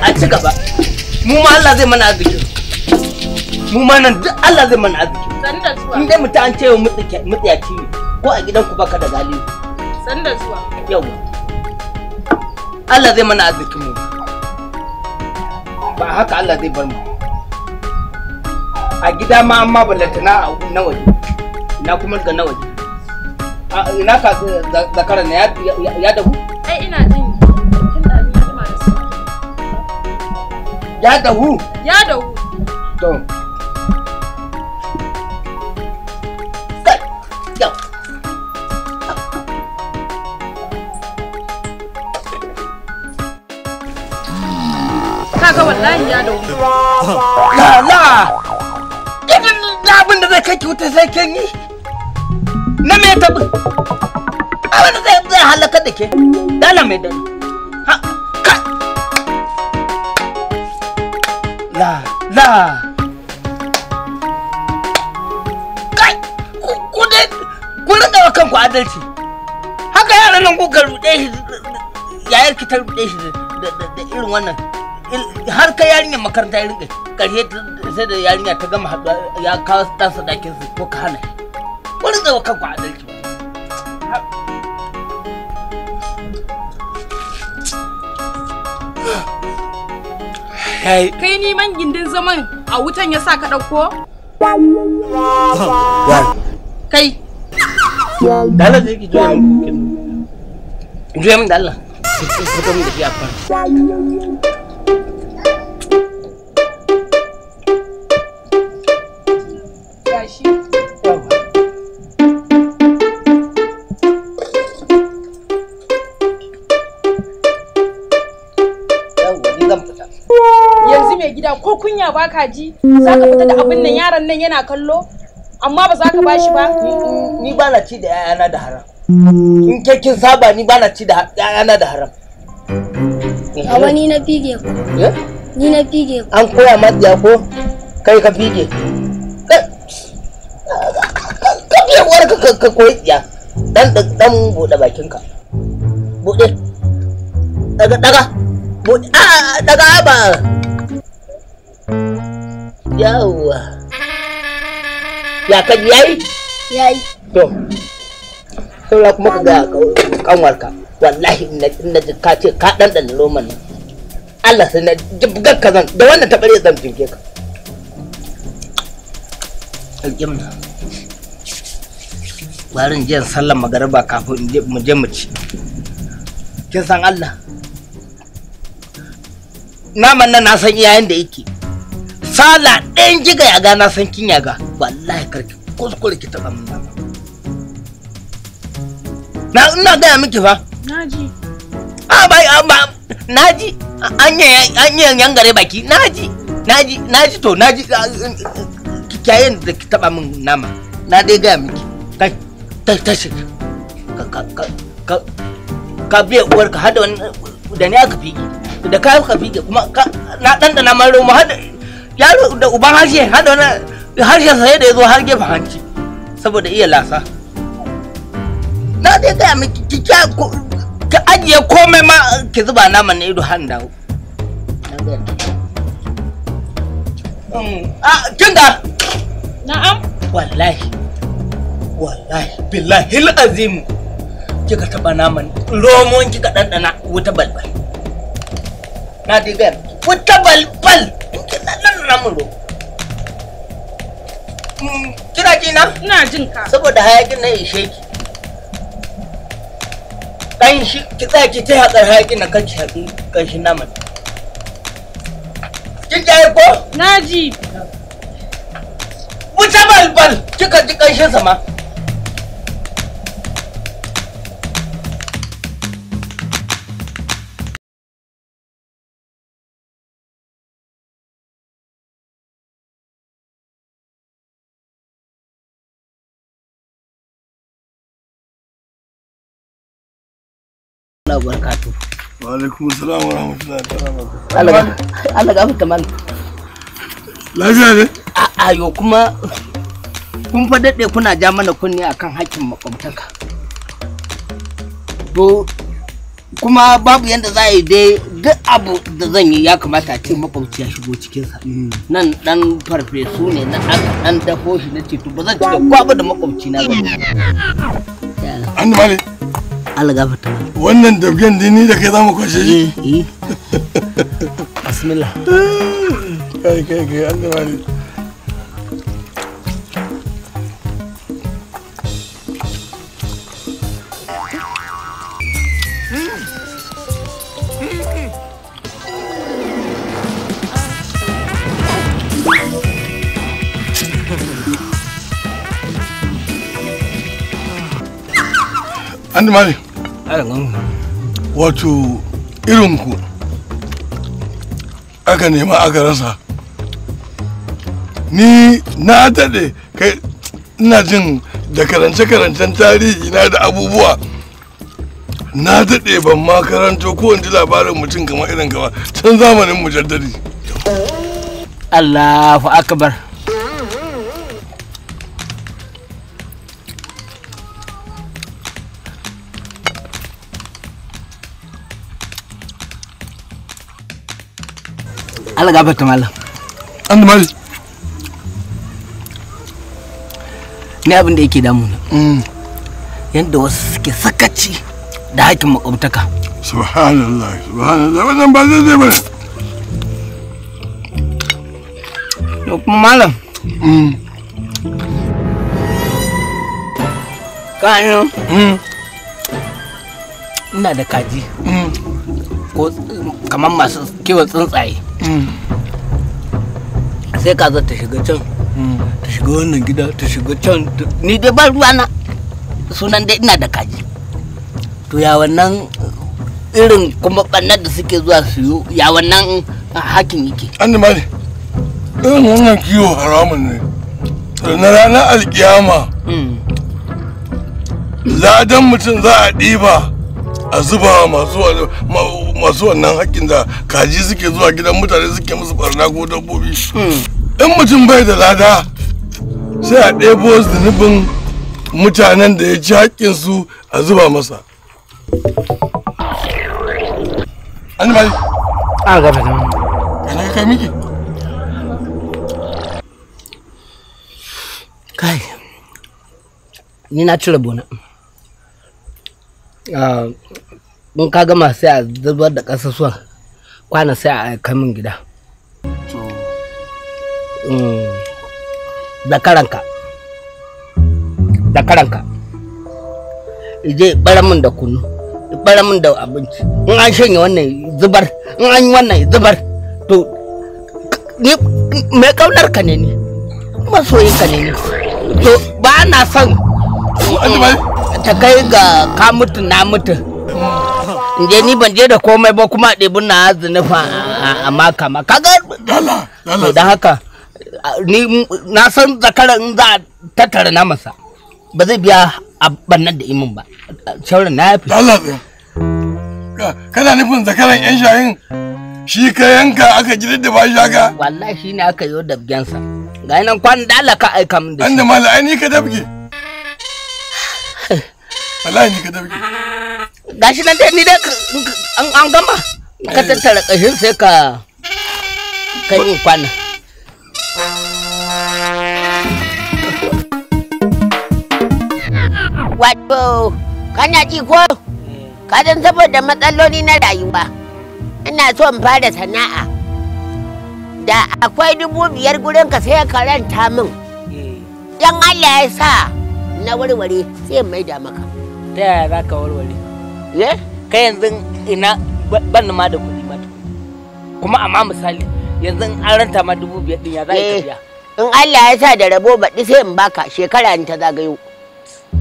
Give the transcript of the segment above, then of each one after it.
a ci gaba mu ma Allah zai mana arziki mu ma nan duk Allah zai mana arziki in dai mutum an ce wa mutsayaci ne ko a gidan ku baka da san sanda zuwa yau Allah zai mana arziki mu ba haka Allah zai bar mu a gida ma amma ba ballata na na waje na kuma ga na waje ina ka eh, zakara na ya dahu Ya dahu? Ya dahu. To. Kaga wallahi ya dahu. La la. Idan abin da zai kai wuta sai kin yi. Na me tabi? Abin da zai halaka da ke. Dala mai dani. Ha. la kai ku dai ku rinka wa kanku adalci haka yaran nan kuka ruɗe shi yayar ki ta ruɗe shi da irin wannan har ka yarinyar makaranta ya rinka ƙarshe sai da yarinya ta gama haɗuwa ya kawo ɗansa ɗakin su ko ka hana ku rinka wa kanku adalci Kai ni man gindin zaman a wutan ya sa ka ɗauko? Kai. Dala zai ki juya min. Juya min da Allah. Fito da shi a baka ji za ka fita da abin nan yaron nan yana kallo amma ba za ka ba shi ba ni ba na ci da yayana da haram in ke kin saba ni ba na ci da yayana da haram a eh? ni na fige ni na fige an koya ma ya ko kai ka fige eh. ka fiye uwar ka ka koyi ya dan dan bude bakin ka bude daga daga bude a ah, daga ba yawwa ya kaji yayi yayi to saura kuma ka ga kanwarka wallahi in na ka ce ka dan loman Allah sai na jibgar ka zan da wannan taɓare zan jinke ka aljimna barin jiyan sallar magariba kafin mu je mu ci kin san Allah naman nan na san iyayen da yake sala ɗayan jiga ya gana san kin ya ga wallahi karki kore ki taba mun na ina gaya miki fa naji a bai a ba naji anya anya yangare baki naji naji naji to naji kiyayen da ki taba min nama na dai gaya miki kai tashi ka ka ka ka biya uwarka hada wani da ni aka fige da ka aka fige kuma na ɗanɗana man mu hada yaro da uban harshe hada wani harshen sa da ya zo har gefen hanci saboda iya lasa na dai gaya miki ki ki ajiye komai ma ki zuba naman na ido har dawo mm, kin ga na'am wallahi wallahi billahi azimu kika taba naman romon kika dandana wuta balbal na dai gaya fita balbal nan na muro mm, kina ji na ina jin ka saboda hayakin na ishe ki dan shi ki tsaya ki ta hakar hayakin na kanki hakin kanshi naman kin ji ko na ji bal. balbal kika ji kanshin sama ta'ala wa barakatu wa alaikum assalam wa rahmatullahi ta'ala Allah gafarta mal lafiya ne a'a yo kuma kun fa daɗe kuna ja mana kunni akan hakkin makwabtaka to kuma babu yadda za a yi dai duk abu da zan yi ya kamata a ce makwabci ya shigo cikinsa hmm. nan dan farfesu ne na dan dafo shi na ce to ba zan ci da kwaba da makwabci na ba an Allah ta mana wannan dabgen dini da kai zamu kwashe shi eh, eh. bismillah ah. kai kai kai Allah an dumare wato irinku aka nema aka rasa ni na daɗe kai ina jin da karance-karancen tarihi na da abubuwa na daɗe ban ma karanto ko in ji labarin mutum kamar irin gaba can zamanin mujaddadi Allahu akbar Allah gafarta mallam an da mallam ne abin da yake damu na mm. yadda wasu suke sakaci da hakin makwabtaka subhanallah subhanallah wannan ba zai zai bane to kuma malam mm. kano mm. ina da kaji ko kamar masu kiwon tsuntsaye Hmm. sai ka ta shiga can hmm. ta shiga wannan gida ta shiga can ni dai ba na sunan dai ina da kaji to ya wannan irin kuma ɓannar da suke zuwa su yi ya wannan hakin yake an da mali irin wannan kiwo haramun ne na ranar alkiyama hmm. ladan mutum za a ɗiba a zuba masu masu wannan hakkin da kaji suke zuwa gidan mutane suke musu barna ko dabbobi in mutum bai da lada sai a ɗebo zunubin mutanen da ya ci su a zuba masa an bali. a gaba da kai miki kai ni na cire bona ah, in ka gama sai a zubar da ƙasusuwan kwana sai a kai min gida mm. da karanka da karanka ije bara min da kunu bara min da abinci in an shanye wannan zubar in an yi wannan zubar to ni mai kaunar ka ne ni masoyin ka ne ni to ba na son ta kai ga ka mutu na mutu je ni ban je da komai ba kuma ɗebin na zunufa a maka ma kaga dala dala da haka ni na san zakara in za tattara na masa ba zai biya a bannan da imin ba shauran na yafi dala kana nufin zakaran yan shayin shi ka yanka aka ji da bashi haka wallahi shine aka yi dabgensa ga nan kwan dala ka aika min da shi an da mala ni ka dabge wallahi ni ka dabge gashi nan dai ni dai an gama ka eh. tattara kashin sai ka kai kwana wato kana ji ko eh. ka san saboda matsaloli na rayuwa ina so in fara sana'a da akwai dubu biyar gurin ka sai karanta min dan eh. Allah ya sa na warware sai mai da maka ta yaya za ka warware ye eh? kai yanzu ina ban ma da kuɗi ma kuma amma misali yanzu an ranta ma dubu biyar din ya za ka biya eh, in Allah ya sa da rabo baɗi sai in baka shekara in ta zagayo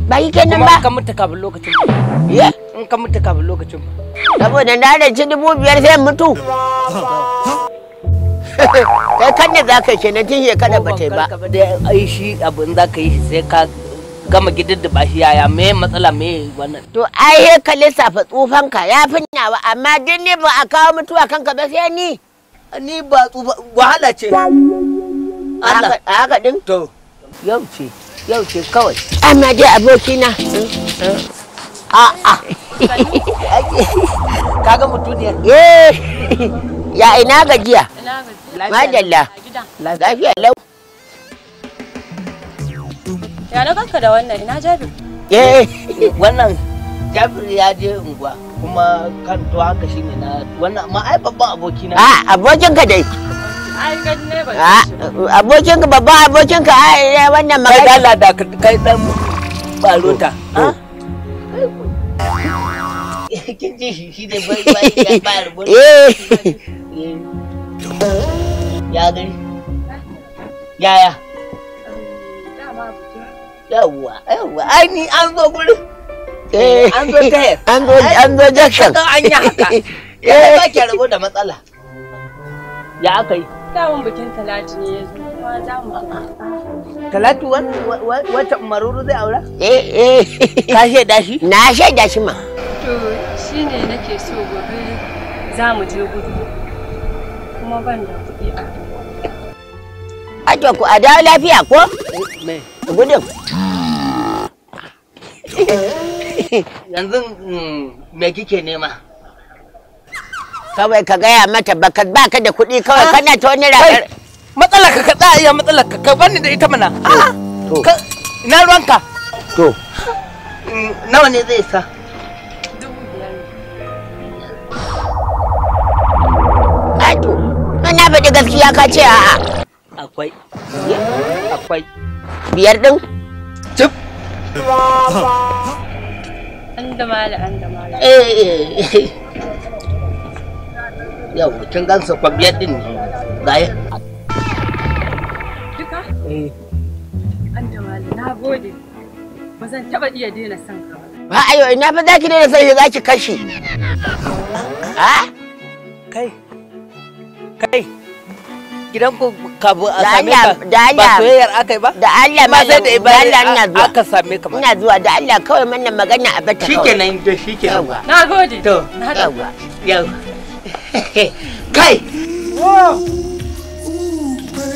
ba yi kenan ba kuma ka mutu kafin lokacin ye in ka mutu kafin lokacin ba eh? saboda na ranci dubu biyar sai in mutu kai kan da za ka kenan tun shekara ba ta yi ba da ai shi abin za ka yi sai ka gama gidan da bashi yaya me matsala me wannan to ai he ka safa tsufan ka ya finyawa amma din ne ba a kawo mutuwa kanka ba sai ni ni ba tsufa wahala ce Allah haka din to yau ce yau ce kawai amma dai abokina a'a kaga mutuniyar eh ya ina gajiya ina gajiya madalla lafiya lau Ya na ganka da wannan ina Jabir? Eh wannan Jabir ya je unguwa kuma kan to haka shine na wannan ma ai babban aboki na. Ah abokin dai. Ai kan ne ba. Ah babban abokinka, ka ai wannan magana. Kai Allah da kai dan barota. Ya gani. Yaya. yawwa yawwa ai ni an zo gurin eh an zo ta an zo an zo jakshan an yi haka eh. ya ba ki rabu da matsala ya aka yi dawon bikin talatu ne yanzu kuma za mu talatu wata maruru zai aura eh eh ka shaida shi na shaida shi ma to shine nake so gobe za mu je gudu kuma ban da kuɗi a Ajo ku a dawo lafiya ko? Me. gudun yanzu mm, me kike nema kawai ka gaya mata baka ka da kuɗi kawai ah. kana ta wani ranar matsalar ka ka tsaya matsalar ka ka bani da ita mana ah, na ruwanka to mm, nawa ne zai sa Ato, ana faɗi gaskiya ka ce a'a. Akwai. Akwai. Biyar ɗin? Cip. An da mala, an da mala. Eh, eh. eh, eh. Yau, kin gansa kwa biyar ɗin ne. Gaya. Duka? Eh. An da mala, na gode. Ba zan taɓa iya daina son ka ba. Ba ayo, ina fa zaki ki daina son shi za ki kashe. Ha? Kai. Kai. gidanku kafin a same ka ba soyayyar aka ba da Allah ma sai da ibada aka same ka ina zuwa da Allah kawai mana magana a bata shikenan da shikenan na gode to na gode yawa kai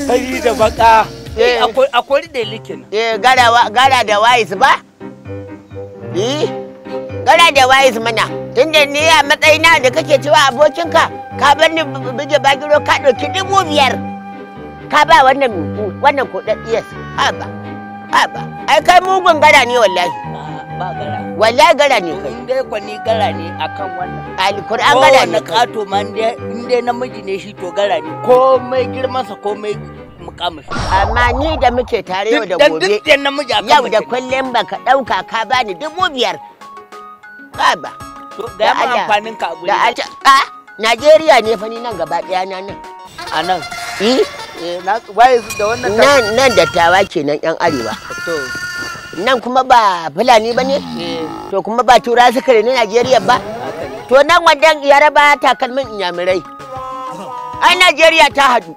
kai da baka eh. akwai da likin eh gara gara da wise ba eh gara da wise mana tunda ni a matsayina da kake cewa abokinka ka bar ni buge bagiro ka ɗauki dubu biyar ka ba wannan wannan kuɗaɗɗiyar haba ba. ai kai mugun gara ne wallahi ba gara wallahi gara ne kai dai ko ni gara ne akan wannan alkur'an gara ne kato ma in dai namiji ne shi to gara ne komai girmansa komai mukamushi amma ni da muke tare yau da gobe yau da kullum baka ɗauka ka bani dubu biyar ba. da Allah amfanin ka abu da a Najeriya ne fa ni nan gaba daya na nan a nan eh na waye da wannan nan nan dattawa kenan yan arewa to nan kuma ba fulani ba ne eh. to kuma ba tura suka ne Najeriya ba to nan wajen yaraba takalmin inyamurai ai Najeriya ta hadu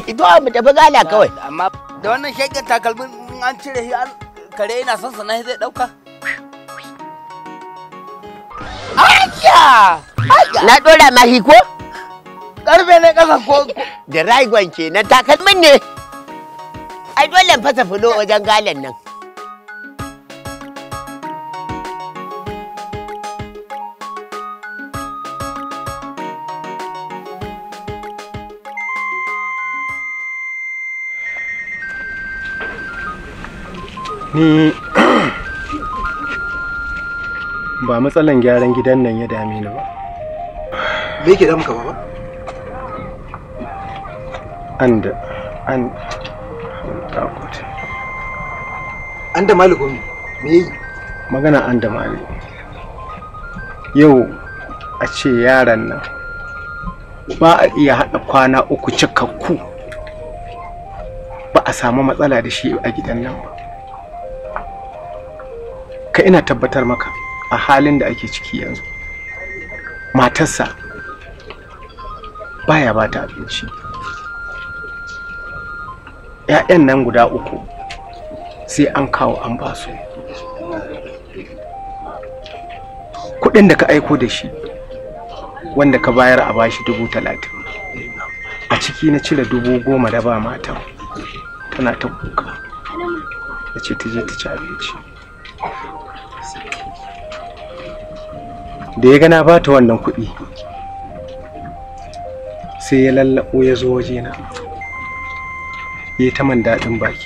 ito mu tafi gala kawai amma da wannan shaƙin takalmin an cire shi kare ina son sana zai ɗauka Aya! Na ɗora mahi ko? Karfe na ƙasa ko? Da ragon ke na takalmin ne. Ai dole fasa fulo wajen galan nan. Ni ba matsalan gyaran gidan nan ya dame ni ba me yake damuka baba an an an da gomi me yi magana an mali yau a ce yaran nan ba a iya haɗa kwana uku cikakku ba a samu matsala da shi a gidan nan ba ka ina tabbatar maka a halin da ake ciki yanzu matarsa baya ba ta abinci ‘ya'yan nan guda uku sai an kawo an ba su kuɗin da ka aiko da shi wanda ka bayar a bashi dubu talatin a ciki na cire dubu goma da ba matan tana ta kuka da ce ta je ta ci abinci da ya gana ba ta wannan kuɗi sai ya lallaɓo ya zo na ya yi ta man daɗin baki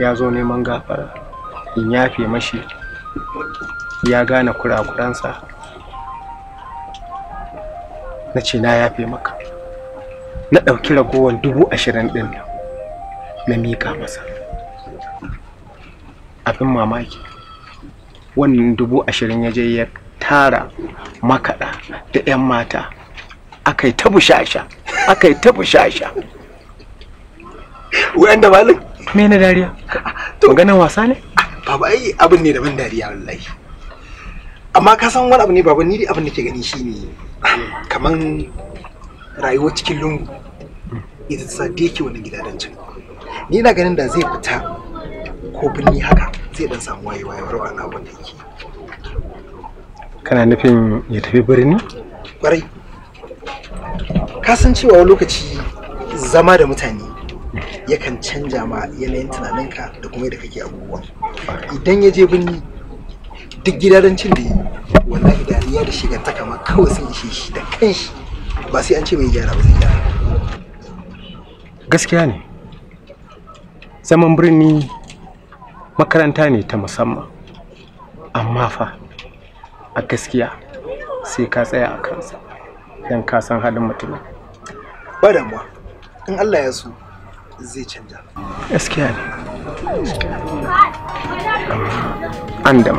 ya zo neman gafara in yafe mashi ya gane kurakuransa na ce na yafe maka na ɗauki ragowar dubu ashirin ɗin na mika masa abin mamaki wannan dubu ashirin ya je ya tara makaɗa da 'yan mata aka yi ta bushasha aka yi ta bushasha wayan da malin me na dariya to ganin wasa ne baba ai abin ne da ban dariya wallahi amma ka san wani abu ne baba ni abin da ke gani shine kaman rayuwa cikin lungu ita ta da yake wani gida can ni na ganin da zai fita ko binni haka zai dan samu wayewa ya rawa na abin da yake kana nufin ya tafi birni kwarai ka cewa lokaci zama da mutane yakan canja ma yanayin tunaninka da kuma yadda kake abubuwa idan ya je birni duk gidajen da yi wallahi ya da shiga ta kama kawai sun ishe shi da kanshi ba sai an ce mai gyara ba zai gyara gaskiya ne zaman birni makaranta ne ta musamman amma fa a gaskiya sai ka tsaya a kansa don ka san halin mutum ba damuwa in Allah ya so zai canja gaskiya ne an da ne. an da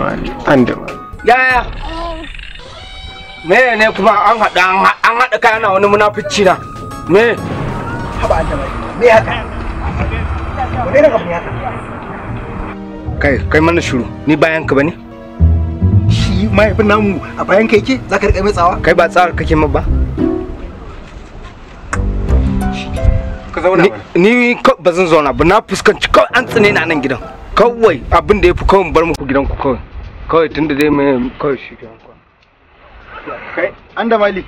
mali yaya me ne kuma an haɗa an haɗa kayan na wani munafici na me haɓa an da mali me haka daga mu kai kai mana shuru ni bayan ka bane mahaifin namu a bayan kai ke za ka riƙa mai tsawa kai ba tsawar kake ma ba ka zauna ni ko bazan zauna ba na fuskanci kawai an tsine na nan gidan kawai abin da ya kawai bar muku gidanku kawai kawai tunda dai mai kawai shi gidan ku kai an da mali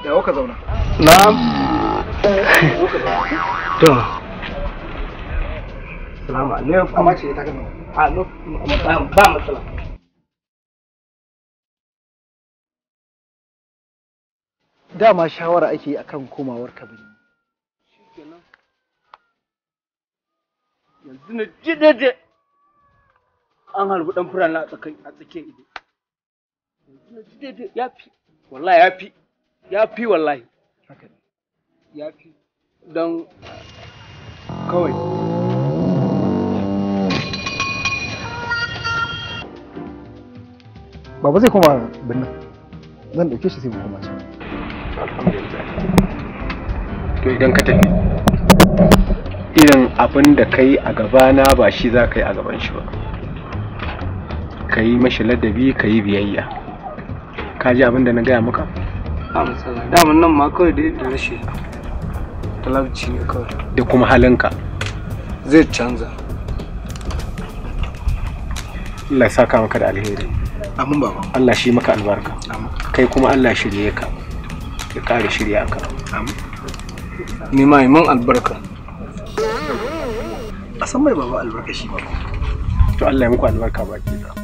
da ka zauna na'am to ce ta a lokacin ba matsala dama shawara ake yi akan komawar ka yanzu na ji daidai an harbi dan furana a tsakiyar ido yanzu na ji daidai ya fi wallahi ya fi ya fi wallahi ya fi don kawai baba zai koma birnin zan dauke shi sai mu koma shi to idan ka tafi irin abin da ka yi a gabana ba shi za ka yi a gaban shi ba ka yi mashi ladabi ka yi biyayya ka ji abin da na gaya maka damun nan ma kawai da rashi talabci ne kawai da kuma halinka zai canza Allah ya saka maka da alheri Amin baba. Allah shi maka albarka. Kai kuma Allah shirye ka. Ya kare shirya ka. Amin. Ni mai mun albarka. A san mai baba albarka shi ba. To Allah ya muku albarka baki da.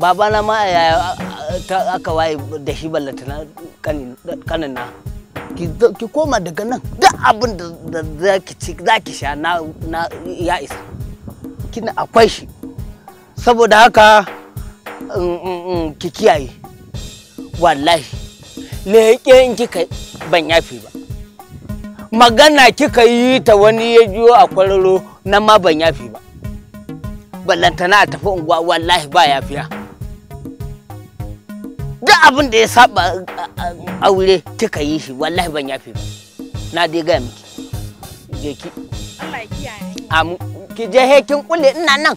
babana ma yaya eh, eh, aka waye da shi na kanin na ki koma daga nan duk abin da za ci zaki sha na ya isa kina akwai shi saboda haka ki kiyaye wallahi Leke in kika ban yafi ba magana kika yi ta wani ya jiyo a kwararo na ma ban yafi ba ballantana a tafi unguwa wallahi ba yafiya. duk abin da ya saba aure kika yi shi wallahi ban yafe ba na dai gaya miki je ki Allah kiyaye ki je he kin kulle ina nan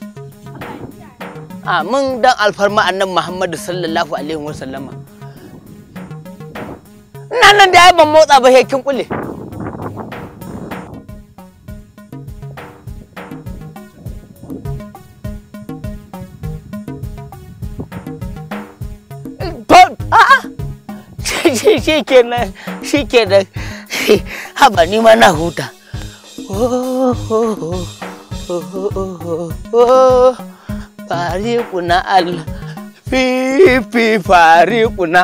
mun dan alfarma annan Muhammadu sallallahu alaihi wasallama ina nan da ai ban motsa ba he kin kulle shi kenan shi kenan haba ni ma na huta fariku na Allah fifi fariku na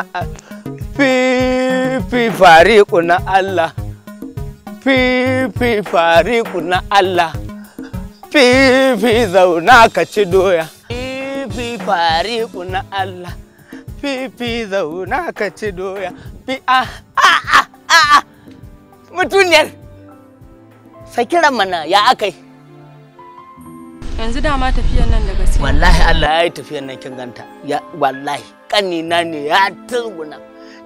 fifi fariku na Allah fifi fariku na Allah fifi zauna ka ci doya fifi fariku na Allah fifi zauna ka ci doya mutuniyar sai kiran mana ya akai yanzu dama tafiyar nan da gaske wallahi Allah ya yi tafiyar nan kin ganta ya wallahi kanina ne ya turguna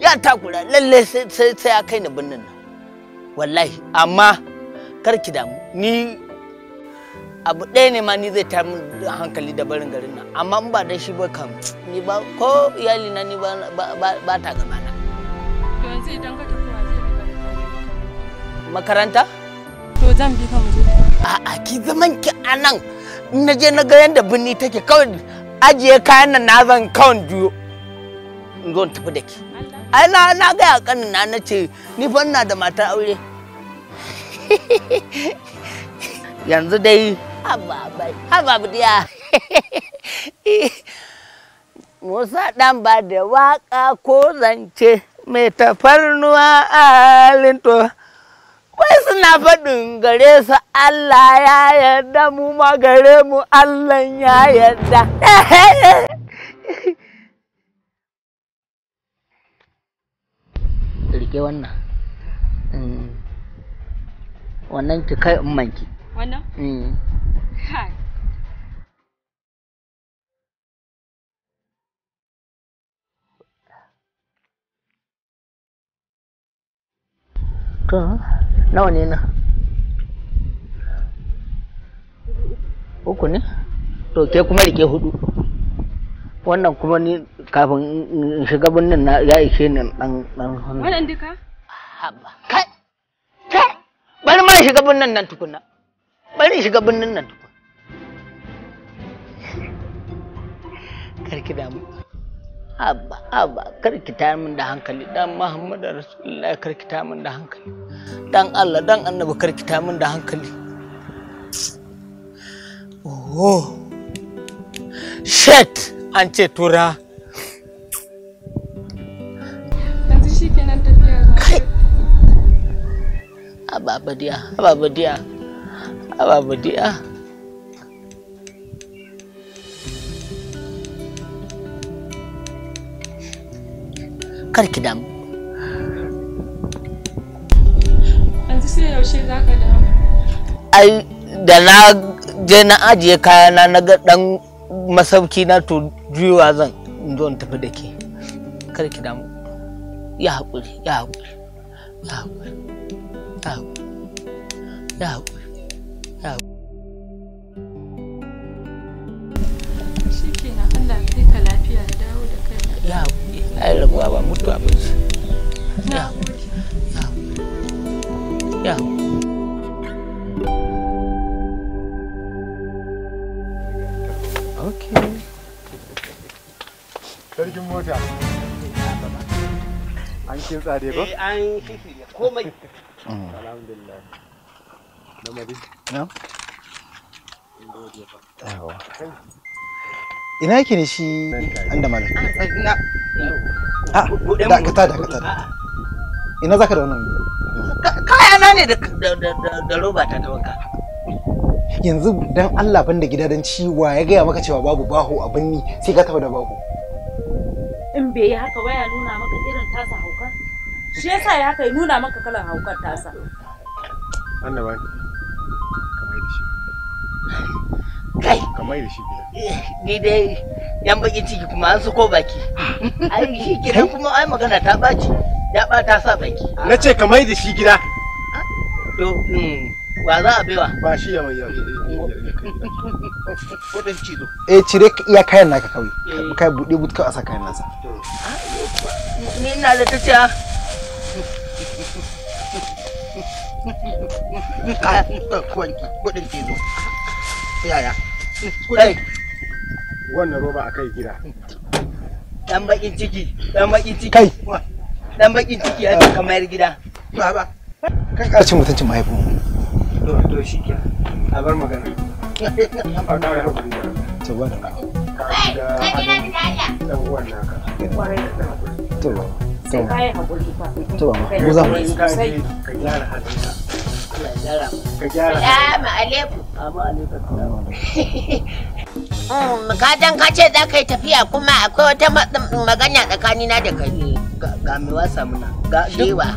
ya takura lalle sai sai ya kai ni binnin nan wallahi amma kar ki damu ni abu ɗaya ne ma ni zai ta min hankali da barin garin nan amma in ba da shi ba kam ni ba ko iyali na ni ba ba ta gaba na yanzu idan ka tafi waje makaranta to zan bi ka muje. je a'a ki zaman ki anan in na je na ga yanda binni take kawai ajiye kayan nan na zan kawai juyo in zo tafi da ki ai na na ga kanin na na ce ni fa ina da matar aure yanzu dai hababai hababu diya musa dan ba da waka ko zance mai tafarnuwa a halin wai suna faɗin gare su Allah ya yarda mu ma gare mu Allah ya yarda rike wannan mm. wannan ki kai ummanki wannan mm. to nawa ne na uku ne to ke kuma rike hudu wannan kuma ni kafin in shiga binnin na ya ishe ni dan dan wannan duka haba kai kai bari ma shiga binnin nan tukunna. bari shiga binnin nan tukunna. karki mu. haba kar ki tayar min da hankali dan muhammadu kar ki tayar min da hankali dan allah dan annabi ki tayar min da hankali oh shit an ce tura yanzu shi kenan tafiya kai haba badiya haba kar ki damu yanzu sai yaushe za ka damu ai da na je na ajiye kayana na ga dan masauki na to juyowa zan zo in tafi da ke kar ki damu ya haƙuri ya haƙuri ya haƙuri ya haƙuri ya haƙuri ya haƙuri ya ya haƙuri alikuwa wa mtu hapo. Yeah. Yeah. Yeah. Okay. Sarkin mota. An kin tsare ba? Eh an shirya komai. Alhamdulillah. Namadi. Na? Yawa. ina yake ne shi an ah, da malam a dakata dakata ina zaka da wannan kaya na ne da roba ta wanka yanzu dan Allah ban da gida dan ciwa ya gaya maka cewa babu baho a binni sai ka taba da baho in bai yi haka waya nuna maka irin tasa haukar shi yasa ya haka nuna maka kalan haukar tasa annaba kamar shi kai mai da eh, yan bakin ciki kuma an baki ah. ai shi kuma ai magana ta baci ya ta sa baki na ce ka mai da shi gida hmm, wa za a baiwa ba eh, cire iya kayan naka kawai eh. kai bude but kawai a nasa ah, ni ina da ta ah. ciya Kurai. Wannan roba a kai gida. Dan bakin ciki, dan bakin ciki. Kai. Dan bakin ciki ya mayar gida. Baba. Kan karcin mutuncin mahaifin. To to A bar magana. To Ka To To To Ka Ka gyara. Salamu alaikum. Ka ce za ka yi tafiya kuma akwai wata magana tsakanina da kai. Ga me wasa muna.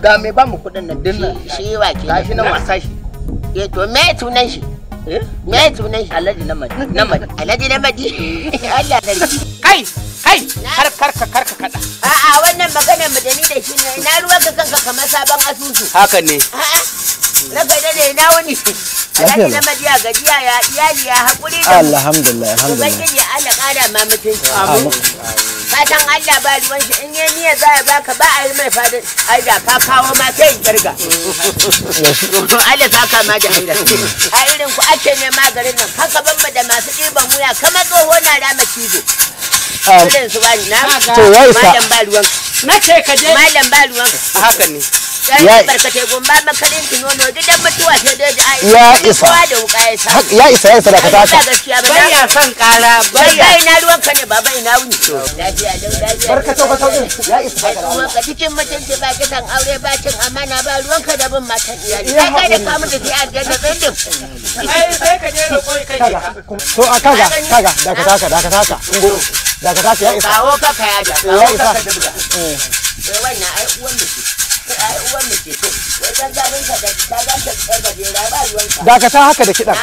Ga me ba mu kuɗin nan din nan. ke. Gashi na wasa shi. Eh to me tunan shi? Me tunan shi? Alhaji Namadi. Namadi. Alhaji Namadi. Allah sarki. Kai kai kar kar ka kar ka kada. A'a wannan magana mu da ni da shi ne na ruwa ka kanka kamar sabon asusu. Haka ne. A'a. Raka dade ina wani. Alhaji na madiya gajiya ya iyali ya haƙuri da. Alhamdulillah alhamdulillah. Ubangiji Allah ƙara ma mutunci. Amin. Fatan Allah ba ruwan shi in yayi niyya za ya baka ba a yi mai fadin ai da ka kawo ma sai in kirga. Allah ta kama da hira. A irin ku ake ne garin nan haka bamba da masu ɗiban wuya kamar tsoho na rama cizo. Ah. Irin su ba ni na. To ya isa. Malam ba ruwan. Na ce ka je. Malam ba ruwan. Haka ne. ya ya isa ya isa ya isa ya isa da kata ka bai ya san kara bai bai na ruwan ka ne baba ina wuni lafiya dan lafiya barkato ka sauki ya isa ka ruwan ka cikin mutunci ba kisan aure ba cin amana ba ruwan ka da bin matan iyali kai ka da kamu da fi'a da zindin ai sai ka je roƙon kai to a kaga kaga da ka taka da ka taka ngoro da ka taka ya isa kawo ka kaya da kawo ka da buga eh wannan ai uwan da ai ke so wai ya isa ya isa ya isa ya isa ya isa ya isa ya haka da kiɗan.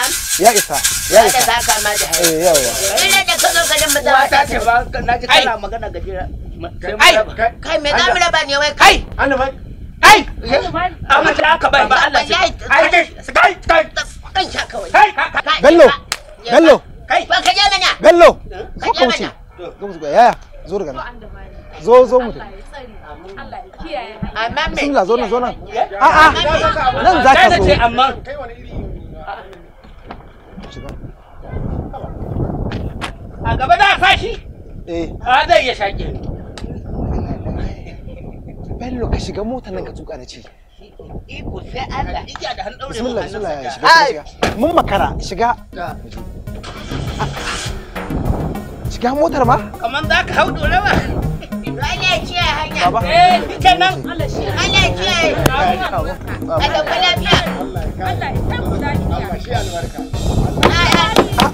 ya isa ya isa isa ya isa da isa ya yawa ya isa da isa ya isa ya isa ya isa ya isa ya isa ya isa ya kai ya isa ya isa ya kai ya isa ya isa ya isa ya isa ya kai kai kan sha kai kai ba ka je mana gallo ka je mana yaya zo daga nan zo zo mu tafi Bismillah zo nan zo nan za ka A gaba Eh. Ah, a Bello ka shiga nan ka tuka na Iko sai Allah. Iya da Bismillah bismillah shiga. Mun makara shiga. cikin motar ma kaman za ka hau dole ba eh, Allah ce hanya eh nan. Allah ce Allah ce a da lafiya Allah ya san mu lafiya Allah shi albarka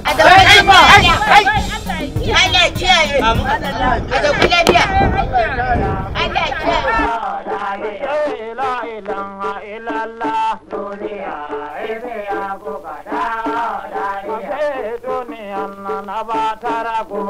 a da lafiya Allah ce a da lafiya Allah Allah la ilaha illallah duniya ebe ya ko kada duniya na ba tara ko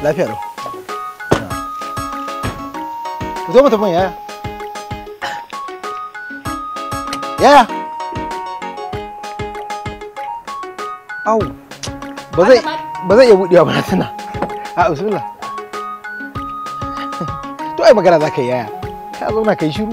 lafiya lau ku zo mu tafi yaya yaya au ba zai ba zai iya buɗewa ba na tana a bismillah to ai magana za ka yi yaya ka zauna ka yi shiru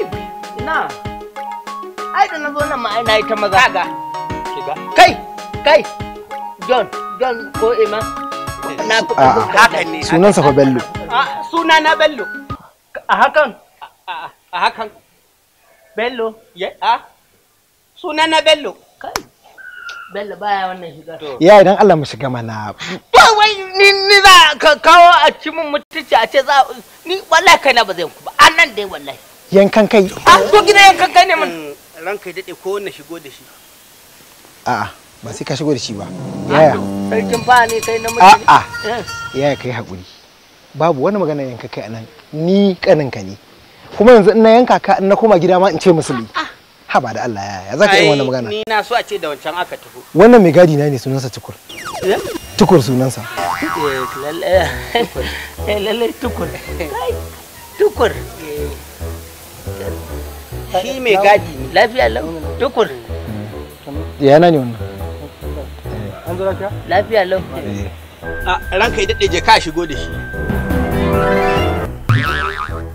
na yi ta maza. Kaga. Kai, kai, John, John ko emma. Na ah, ah. haka ne. Sunan sa fa Bello. Ah, suna na Bello. A hakan? A hakan. Bello. Ye, a? Suna na Bello. Kai. Bello baya wannan shiga. Ya idan Allah mu shiga mana. Ba wai ni ni za ka kawo a cimin mutunci a ce za ni wallahi kai na ba zan ku ba. Annan dai wallahi. Yankan kai. A to gina yankan kai ne mun. Mm. ranka ya daɗe ko shigo da shi a'a ba sai ka shigo da shi ba yaya sarkin ba ne kai namiji a'a eh. yaya kai hakuri babu wani magana yanka kai anan ni kaninka ne kuma yanzu ina yanka ka ina koma gida ma in ce musulmi ah. haba da Allah yaya za ka yi wannan magana ni na so a ce da wancan aka tafi wannan mai gadi na ne sunansa tukur eh? tukur sunansa eh, lalle tukur tukur shi mai gadi lafiya lau tukur yana ne wannan eh. lafiya lau eh. a daɗe je ka shigo da shi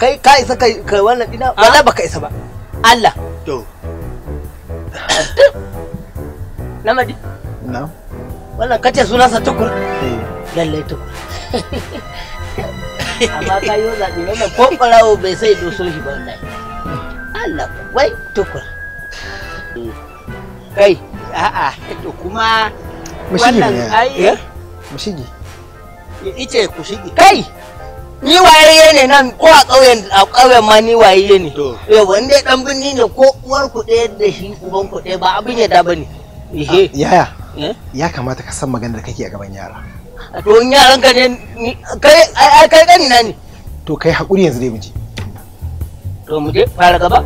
kai ka isa kai kai wannan dina ah. wala baka isa ba Allah to namadi na wannan kace sunansa tukur eh. tukur amma ka yi wannan ko ɓarawo bai sai doso shi ba wallahi Allah wai tukur kai a'a to kuma wannan ai ya. Eh, ice ku shigi kai ni waye ne nan ko a ƙauyen a ƙauyen ma ni waye ne eh wanda dan binni ne ko uwar ku ɗaya da shi uban ku ɗaya ba abin ya da bane ehe ah, yaya eh? ya kamata ka san maganar kake a gaban yara to in yaran ka ne kai ai kai ɗan na ne to kai hakuri yanzu dai muje. to mu je fara gaba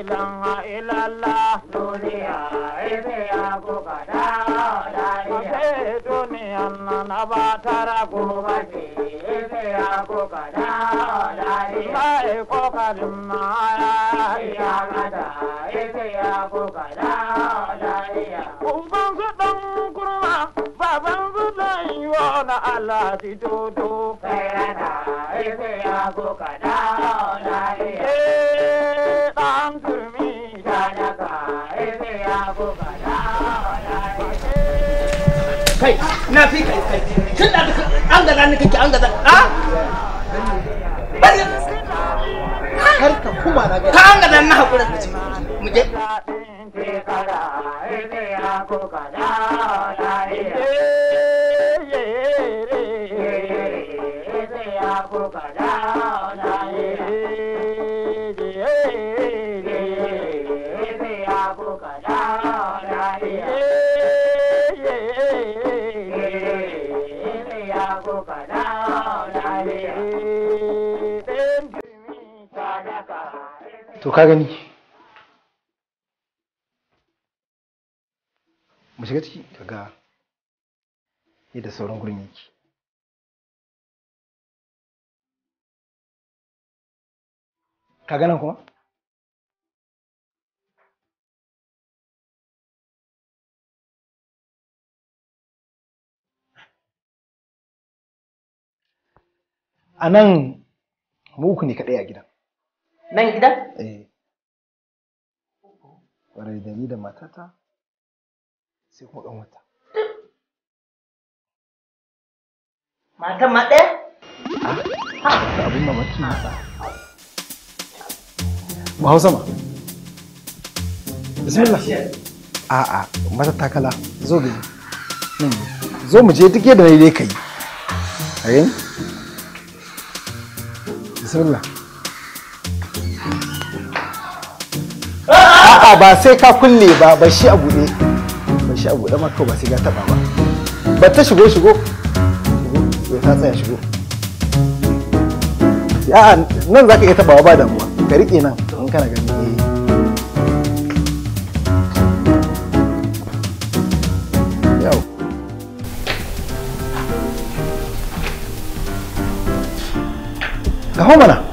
ilaha illallah duniya ebe ya ko kada dariya ke duniya nan abatara ko baki ebe ya ko kada dariya sai ko karin ma ya kada ebe ya ko kada dariya uban su dan kurma baban su dan yiwa na Allah ti dodo kai ebe ya ko kada kai na fi kai kai tun da an gaza ni kake an gaza a ah? bari har ka kuma na ga ka an na hakura ka ci mu je ka da ne ha ko ka da to ka gani mu shiga ciki ka ga yadda sauran gurin yake ka gana kuma a nan muku ne kaɗai a gidan Nan gidan? Eh. Ƙwarai da ni da matata sai kuma ɗan wata. Matan ma ɗaya? Ah, abin mace ma ba. Ba hausa ma. Bismillah. A'a, mata takala, zo gani. Hmm, zo mu je duk yadda na dai kai. Ayin? Bismillah. a'a ba sai ka kulle ba ba shi a buɗe ba shi a buɗe maka ba sai ka taɓa ba ba ta shigo shigo shigo ta tsaya shigo a'a nan za ka iya taɓawa ba damuwa ka riƙe nan in kana gani eh. hau mana.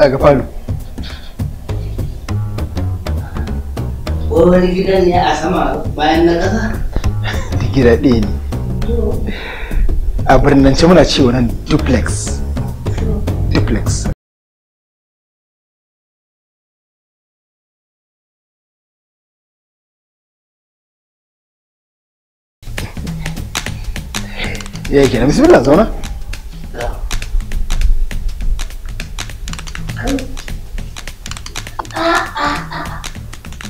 a ga falo wani gidan ne a sama bayan na ƙasa gida ɗaya ne a birnance muna cewa nan duplex duplex ya kenan bismillah zauna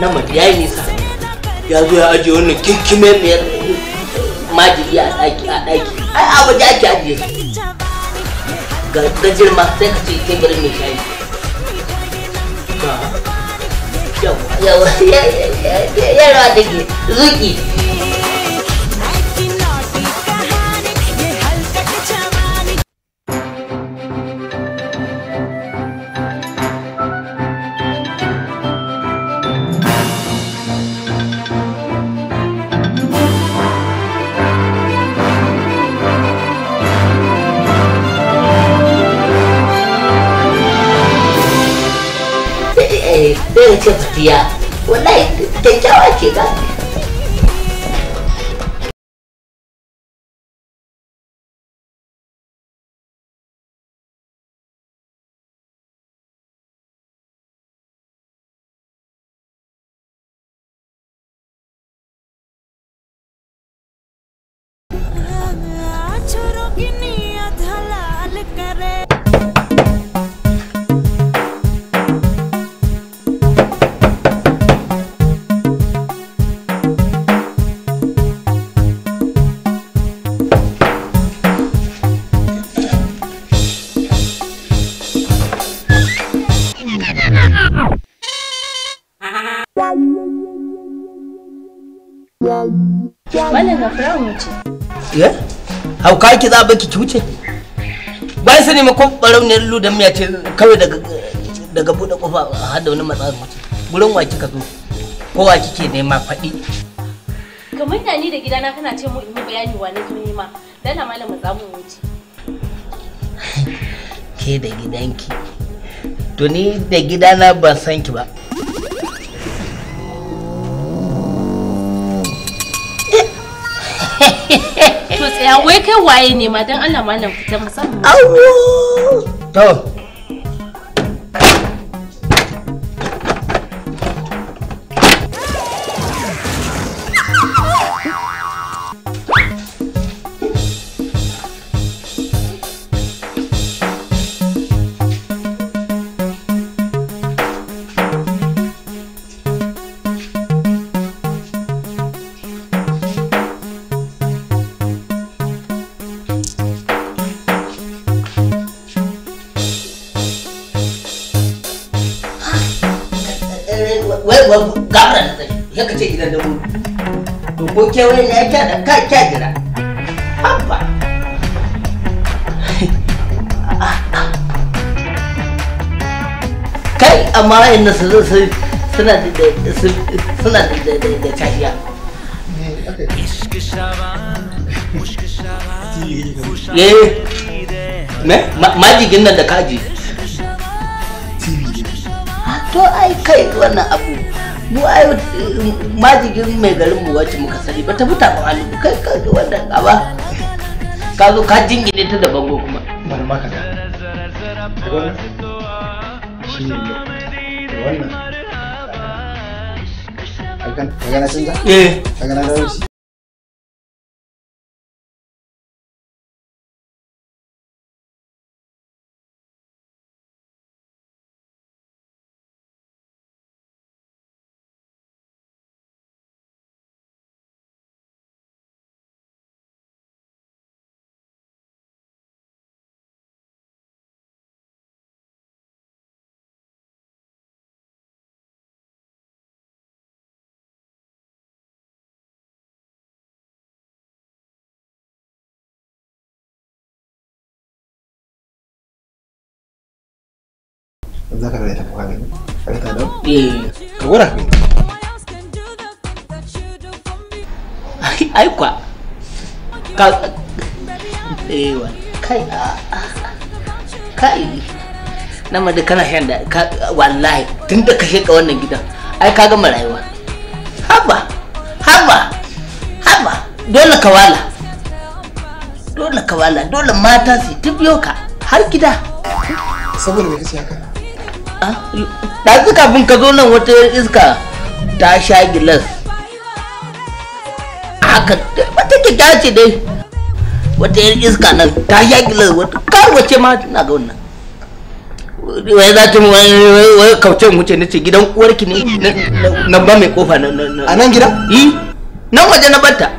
na ya yi nisa ya zo ya ajiye wannan kinkime mai majiri a ɗaki a ɗaki ai abu da ake ajiye su ga gajiyar ma sai ka ce mai shayi yawa yawa da ke zuki da ya ce tafiya wallahi kyakkyawa ce ba hauka ki za baki ki wuce bai barauniyar ludan miya ce kawai daga daga bude kofa har da wani matsalar mace gurin wa kika zo ko wa kike nema faɗi kamar ni da gidana kana ce mu yi bayani wa na zo nema dana malama za mu wuce ke da gidanki to ni da gidana ban san ki ba ya wai kai waye ne ma dan Allah malam fita musamman. Awo. To wai gabara ta tsaye ya kace gidan da mu to ko kewaye ne ya kya da kai kya jira haba kai amma ra'ayin nan su suna da suna da da da tafiya eh, eh me majigin nan da kaji ah, to ai kai wannan abu mu ayo majigin mai garin mu wacce muka sani ba ta buta ba hannu kai ka ji wannan gaba ka zo ka jingine ta da bango kuma ma ka ga wannan shi ne wannan ka ga na canza eh ka ga na da shi za eh, ah, ah, ah. ka zai tafi ka gani ka ga tadau ka gwada ka gani ai kwa ka ewa kai kai na ma da kana shan da wallahi tun da ka sheka wannan gidan ai ka gama rayuwa haba haba haba dole ka wala dole ka wala dole mata su ta biyo ka har gida saboda me kace haka ɗazu ah, kafin ka zo nan wata iska ta sha gilas haka wata kyakya ce dai wata yar iska nan ta sha gilas wata karwace ma na ga wannan wai za ta wai kaucen wuce na ce gidan uwarki ne na ba mai kofa na a nan gida? yi nan waje na batta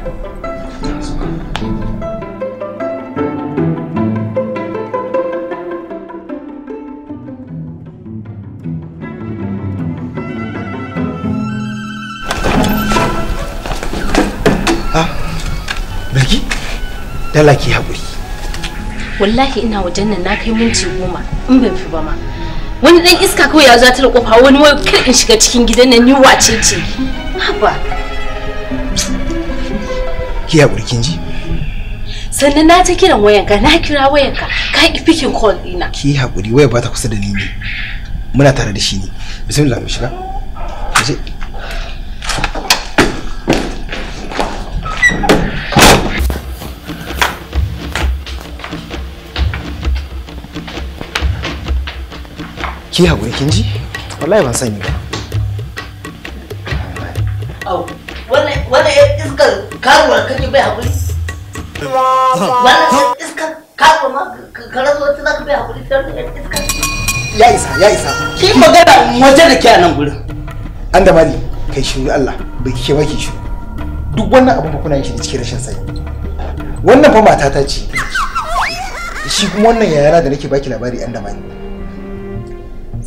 dala ki haƙuri wallahi ina wajen nan na kai minti goma in ban fi ba ma wani dan iska kawai ya zata da kofa wani wai kar in shiga cikin gidan nan ni wace ce haba ki ya kin ji sannan na ta kiran wayanka na kira wayanka ka yi fikin call dina ki haƙuri waya ba ta kusa da ni ne muna tare da shi ne bismillah mu shiga ki haƙuri kin ji wallahi ban sani ba wannan kake bai wannan iskar ma bai ya isa ya isa ki magana waje da ke a nan gurin an kai shiru Allah bai ba shiru duk wannan abin ba kuna yin shi da cikin rashin sani wannan fa ta ce shi kuma wannan yayana da nake baki labari an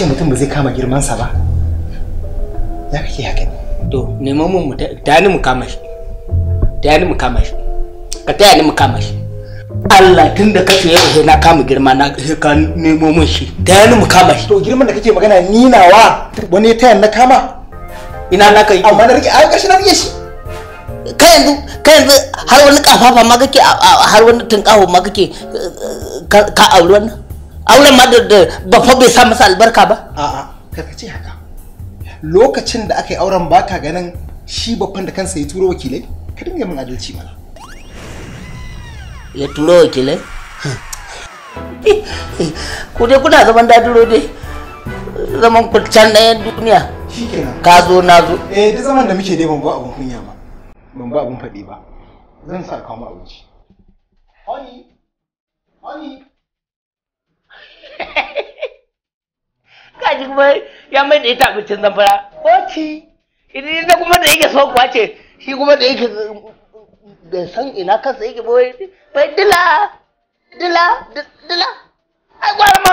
ce mutum ba zai kama girmansa ba ya kake haka ne to neman mu da ni mu kama shi da ni mu kama shi ka taya ni mu kama shi Allah tunda da kake yau sai na kama girma na ka nemo mun shi da ni mu kama shi to girman da kake magana ni nawa wani taya na kama ina na kai amma na rike a ƙarshe na rike shi ka yanzu ka yanzu har wani kafafa ma kake har wani tunkawo ma kake ka aure wannan auren ma da bafa bai sa masa albarka ba a'a karka ce haka lokacin da aka yi auren baka ganin shi babban da kansa ya turo wakilai ka dinga min adalci mana ya turo wakilai ku dai kuna zaman dadiro dai zaman can na yan duniya ka zo na zo eh duk zaman da muke dai ban ba abun kunya ba ban ba abun faɗi ba zan sa kawo abinci honey honey kaji kuma ya mai da ita abincin zamfara koci idan ita kuma da yake so kuwa ce shi kuma da yake bai san ina kansa yake bai bai dila dila dila ai gwara ma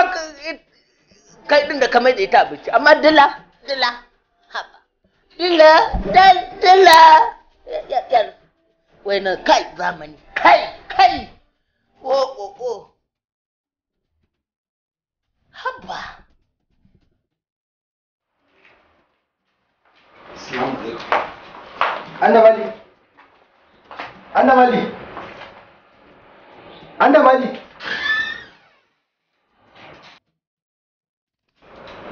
kai din da ka mai da ita abinci amma dila dila Dila, dila dila wai na kai zamani kai kai o o o Habba. Assalamu alaikum. Annabali. Annabali. Annabali.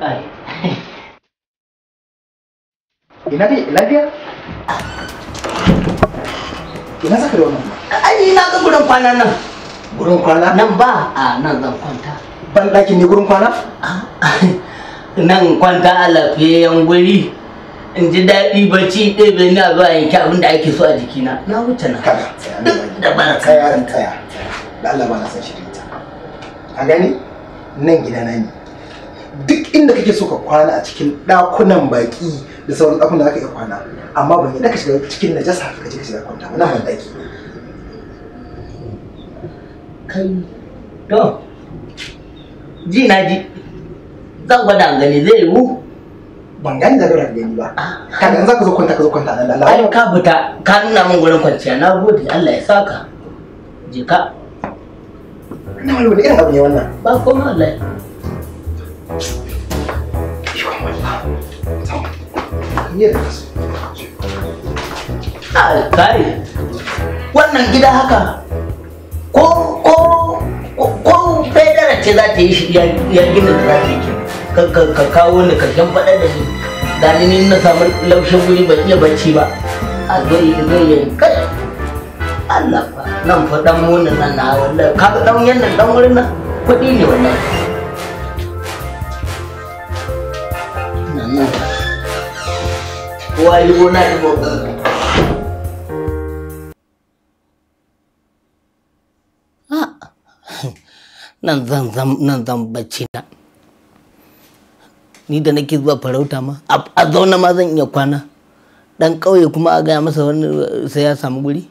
Ai. Ina dai lafiya? Ina saka da wannan? Ai, ina ga gurin kwana nan. Gurin kwana? Nan ba, a nan zan kwanta. ban ɗakin ne gurin kwana? nan kwanta a lafiyayyen guri in ji daɗi bacci ɗebe ni a zuwa yanki abin da ake so a jikina na wuce na kaga da ba Kaya an tsaya da Allah ba na san shirin ta a gani nan gida na ne duk inda kake so ka kwana a cikin ɗakunan baƙi da sauran ɗakunan da aka iya kwana amma ban yi ka shiga cikin najasa ka je ka shiga kwanta ba na ban ɗaki kai to ji na ji zan gwada gani zai yiwu ban gani da gara gani ba ah. ka dan zaka zo kwanta ka zo kwanta da Allah ai ka fita ka nuna min gurin kwanciya na gode Allah ya saka je ka na wani wani irin abu ne wannan ba ko ma Allah ah, Kai, wannan gida haka ko ko fedara ce za ta yi shi ya gina da za ta yi ka kawo ni ka jan faɗa da shi da ni na samu laushin guri ba iya bacci ba a zo yi zo yi kai Allah fa nan fa dan mona nan na wallahi ka ga dan yannan dan wurin nan kuɗi ne wallahi Wa yi wayo na da babban nan zan nan zan ni da nake zuwa farauta ma a zauna ma zan iya kwana dan ƙauye kuma a gaya masa wani eh, sai ya guri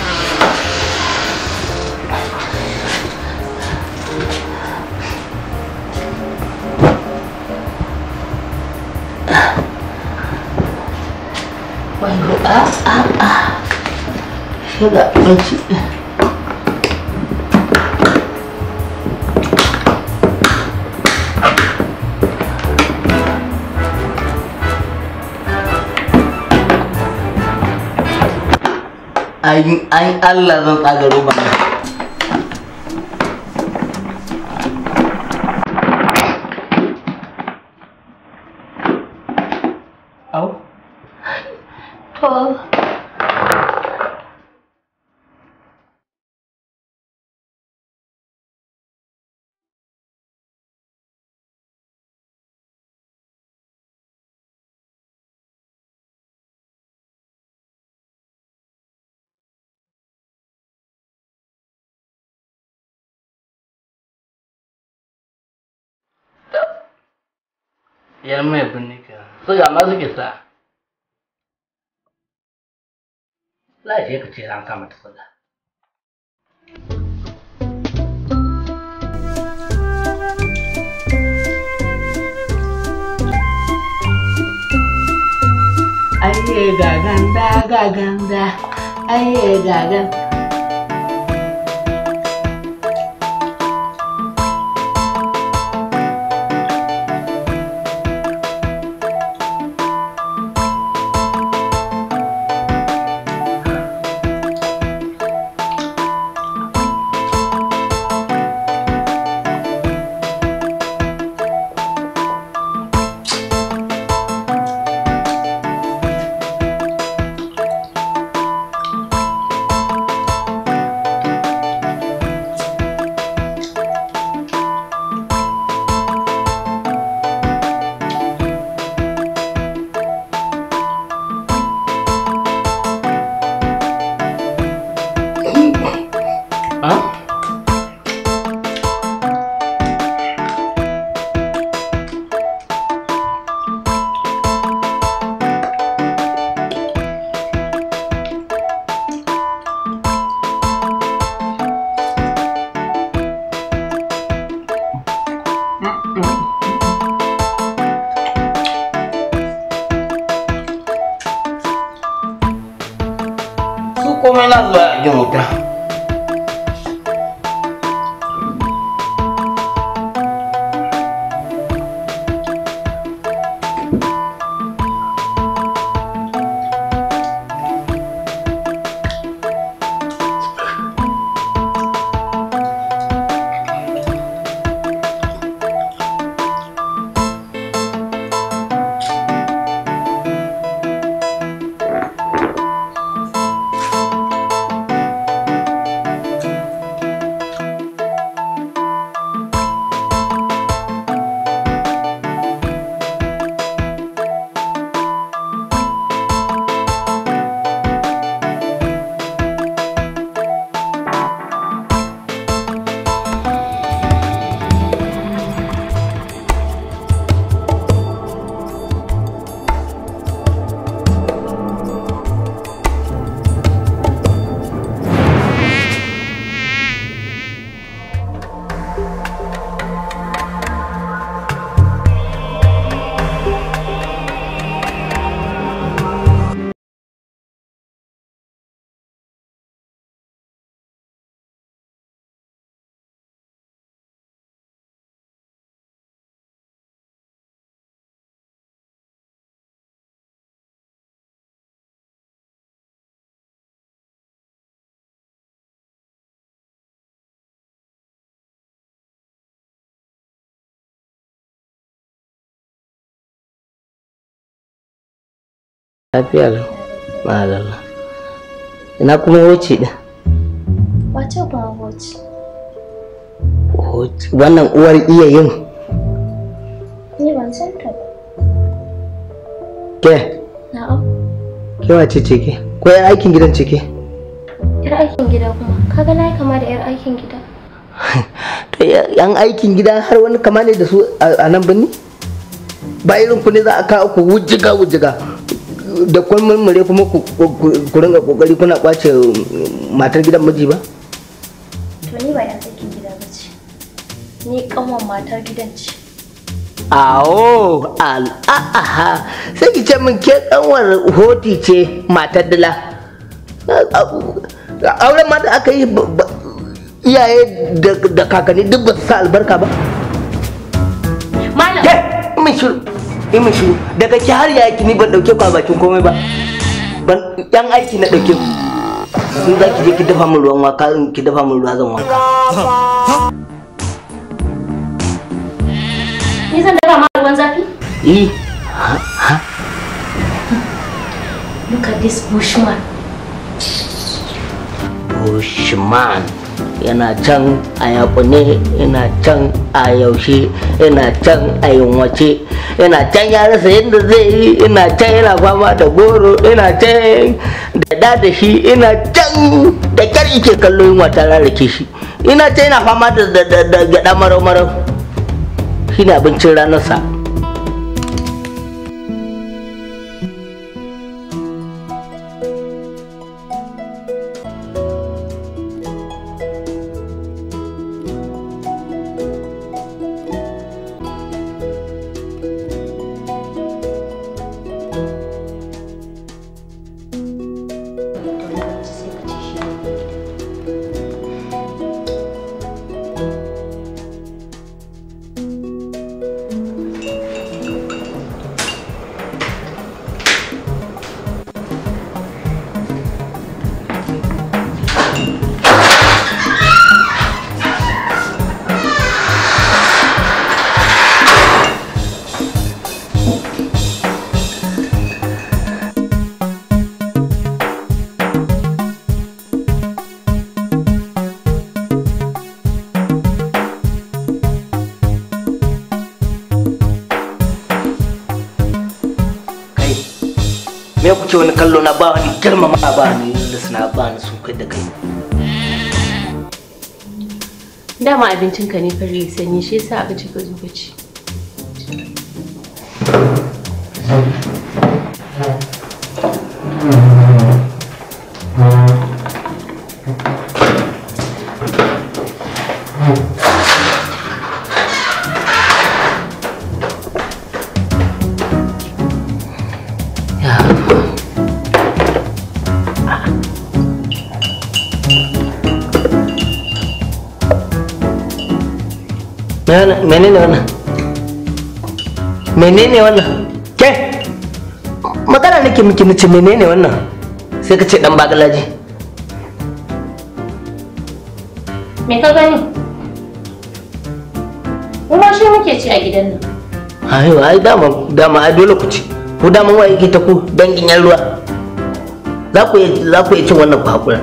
kada an ci an Allah zan tsaga roba Gelme binnika. So şey ga masu ke sa. Lafiya ka ce an kama ta sallah. Aye gaganda gaganda. Aye gaganda. Lafiyar ma'adala. Ina kuma wuce ɗin? Wace ba wuce? Wannan uwar iya yin? Ni ban san ta ba. Ke? Na'am. Ke wace ce ke? Ko yar aikin gidan ce ke? Yar aikin gida kuma. Kaga na kama da yar aikin gida. To yan aikin gida har wani kama ne da su a nan birni? Ba irin ku ne za a kawo ku wujiga wujiga. da kun murmure kuma ku ringa kokari kuna kwace matar gidan miji ba to ni ba yan sakin gida ba ce ni kanwan matar gidan ce awo al'aha sai ki ce min ke kanwar hoti ce matar dila auren ma da aka yi iyaye da kakanni duk ba su sa albarka ba malam Ke, min shiru imin daga ki har ya ki ni ban dauke ku a bakin komai ba ban yan aiki na dauke ku sun za ki je ki dafa min ruwan waka in ki dafa min ruwa zan wanka ni zan dafa ma ruwan zafi eh Look at this bushman. Bushman. yana can a yakune yana can a yaushe yana can a yunwace yana can ya rasa yadda zai yi ina can yana fama da goro ina can da da da shi ina can da kyar ike kallo yunwa ta rarrake shi ina can yana fama da gada marau shi ne abincin ranarsa dama abincin ka ne fari sanyi shi yasa aka ce ka zo ka ci menene wannan ke magana nake miki nace menene wannan sai ka ce dan bagalaji me ka gani kuma shi muke ci a gidan nan ayo ai dama dama ai dole ku ci ku dama ta ku dangin yan ruwa za ku za ku yi cin wannan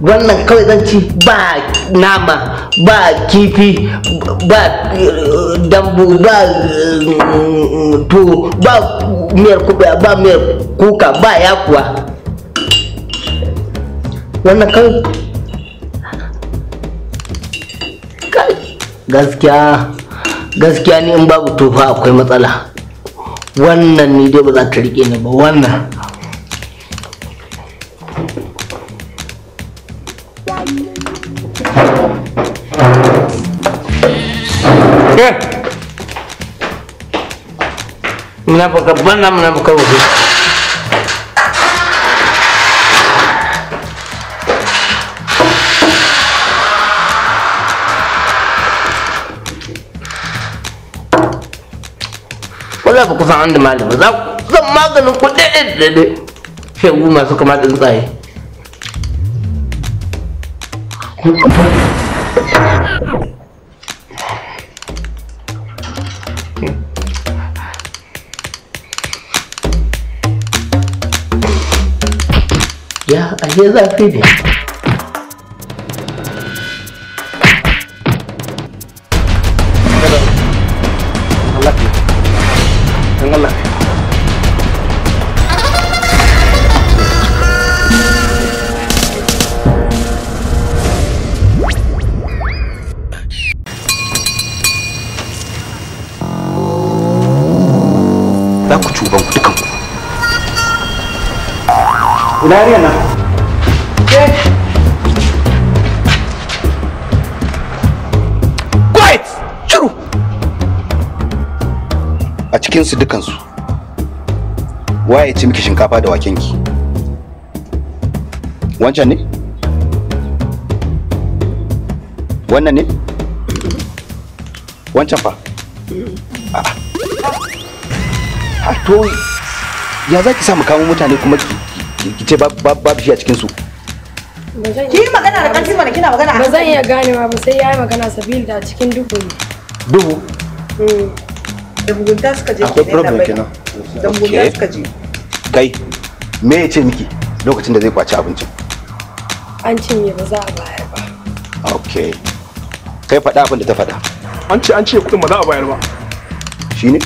wannan kawai zan ci ba nama ba kifi ba dambu ba mm, to ba miyar kuka ba miyar kuka ba yakuwa wannan kawai gaskiya gaskiya ne in babu tofa akwai matsala wannan ne dai ba za ta riƙe ni ba wannan munafuka na munafuka waje wala ba kusan an da malama za ku zan maganin ku daɗe daɗe shegu masu kama tsuntsaye Thank you. Ageza é assim TV. Za o cuban ku dukanku. Ina nan. Quiet! Shiru! A cikinsu dukansu, waye ci miki shinkafa da wakenki? Wancan ne? Wannan ne? Wancan fa? A'a. Ah, ah. Ha, ah, to, ya za ki samu kamo mutane kuma ki ce babu shi a cikinsu? ki magana da ƙarfi mana kina magana ba zan iya gane ma ba sai ya yi magana sabili da cikin duhu duhu mm. da ta suka je akwai problem kenan da ta suka je kai me ya ce miki lokacin da zai kwaci abincin an cinye ba za a bayar ba okay kai faɗa abin da ta faɗa an ce an ce kuɗin ba za a bayar ba shi ne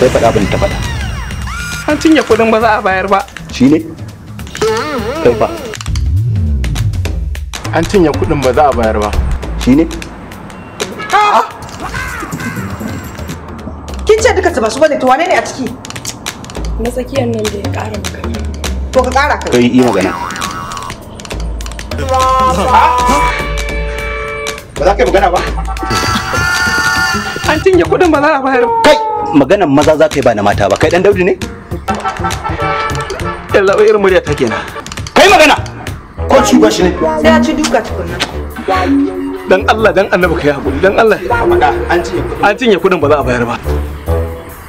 kai faɗa abin da ta faɗa an cinye kuɗin ba za a bayar ba shi ne kai ba an cinye kuɗin ba za a bayar ba shi ne ah! kin ce duka su ba su bane to wane ne a ciki na tsakiyar nan da ya ƙara maka. to ka ƙara ka. kai yi magana ba za ka yi magana ba an cinye kuɗin ba za a bayar ba. kai maganan maza za ka yi ba na mata ba kai dan daudi ne Yalla irin murya ta kenan. Kai magana. Ko ci ba shi ne? Sai ci duka tukunna. Dan Allah dan Annabi kai hakuri dan Allah. Maka an cinye kudin. An cinye kudin ba za a bayar ba.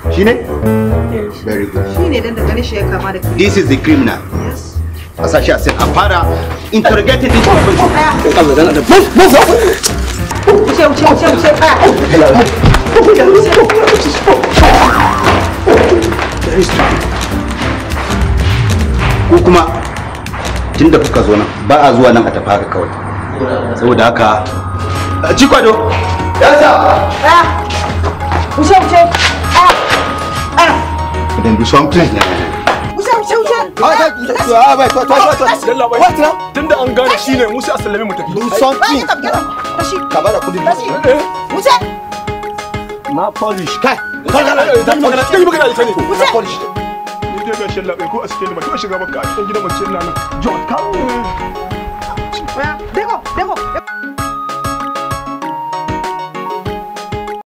Shi ne? Eh, Very good. Shi ne dan da shi ya kama da This is the criminal. Yes. a sashi a sai a fara din Allah dan wuce wuce wuce wuce ko kuma tun da kuka zo nan ba a zuwa nan a tafi haka kawai saboda haka ci kwado yasa wuce wuce then do something wuce wuce wuce wata tun da an gane shi ne musu a sallame mu tafi do something ka bada kudin wuce na polish kai kai kai kai kai kai kai kai kai kai kai kai kai dai shi labai ko a cikin ba ta shiga baka a cikin gidan mace ina nan John kawo Dego dego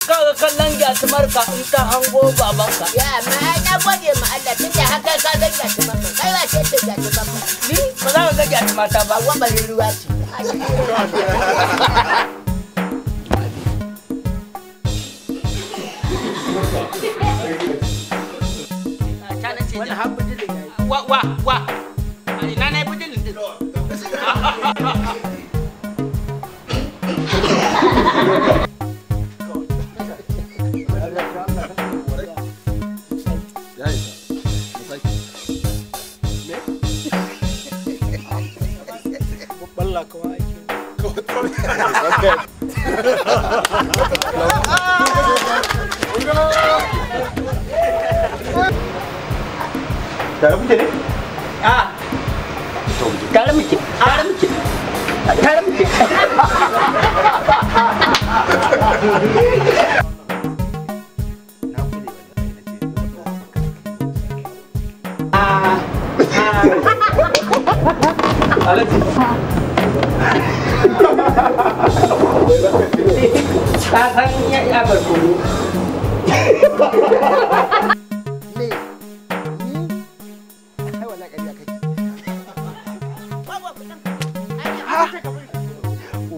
Kaga kallon gyatumar ka in ta hango babanka Ya ma na gode ma Allah tun da haka ka ga gyatumar ka kai ba ce ta ga ka Ni ba za ka ga gyatumar ta ba wa bare ruwa ce what, what, what? Ani you ibu jeli de. Balla kawai. 2007아 깔라미치 깔라미치 깔라미치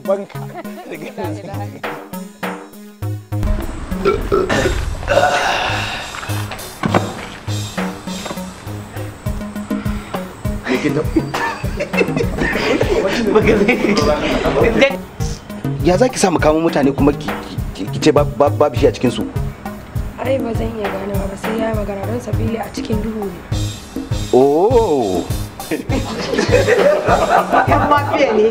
ubanka ya za ki samu kamo mutane kuma ki ce babu shi a cikinsu ai ba zan iya gane ba sai ya magana don sabili a cikin duhu ne oh yan mafiya ne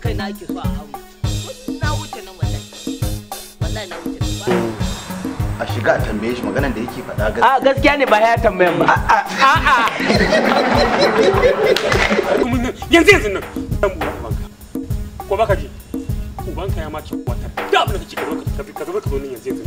kai na ake so a hau na wuce nan wallahi na wuce a shiga a tambaye shi maganar da yake faɗa gaskiya a gaskiya ne ba ya tambayan ba yanzu yanzu nan dan banka ko baka ji ubanka ya maki watar da abin da kake ka zo ka zo nan yanzu yanzu